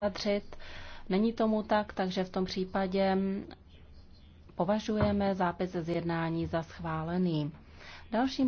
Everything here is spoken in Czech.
vyjádřit. Není tomu tak, takže v tom případě považujeme zápis ze zjednání za schválený. Dalším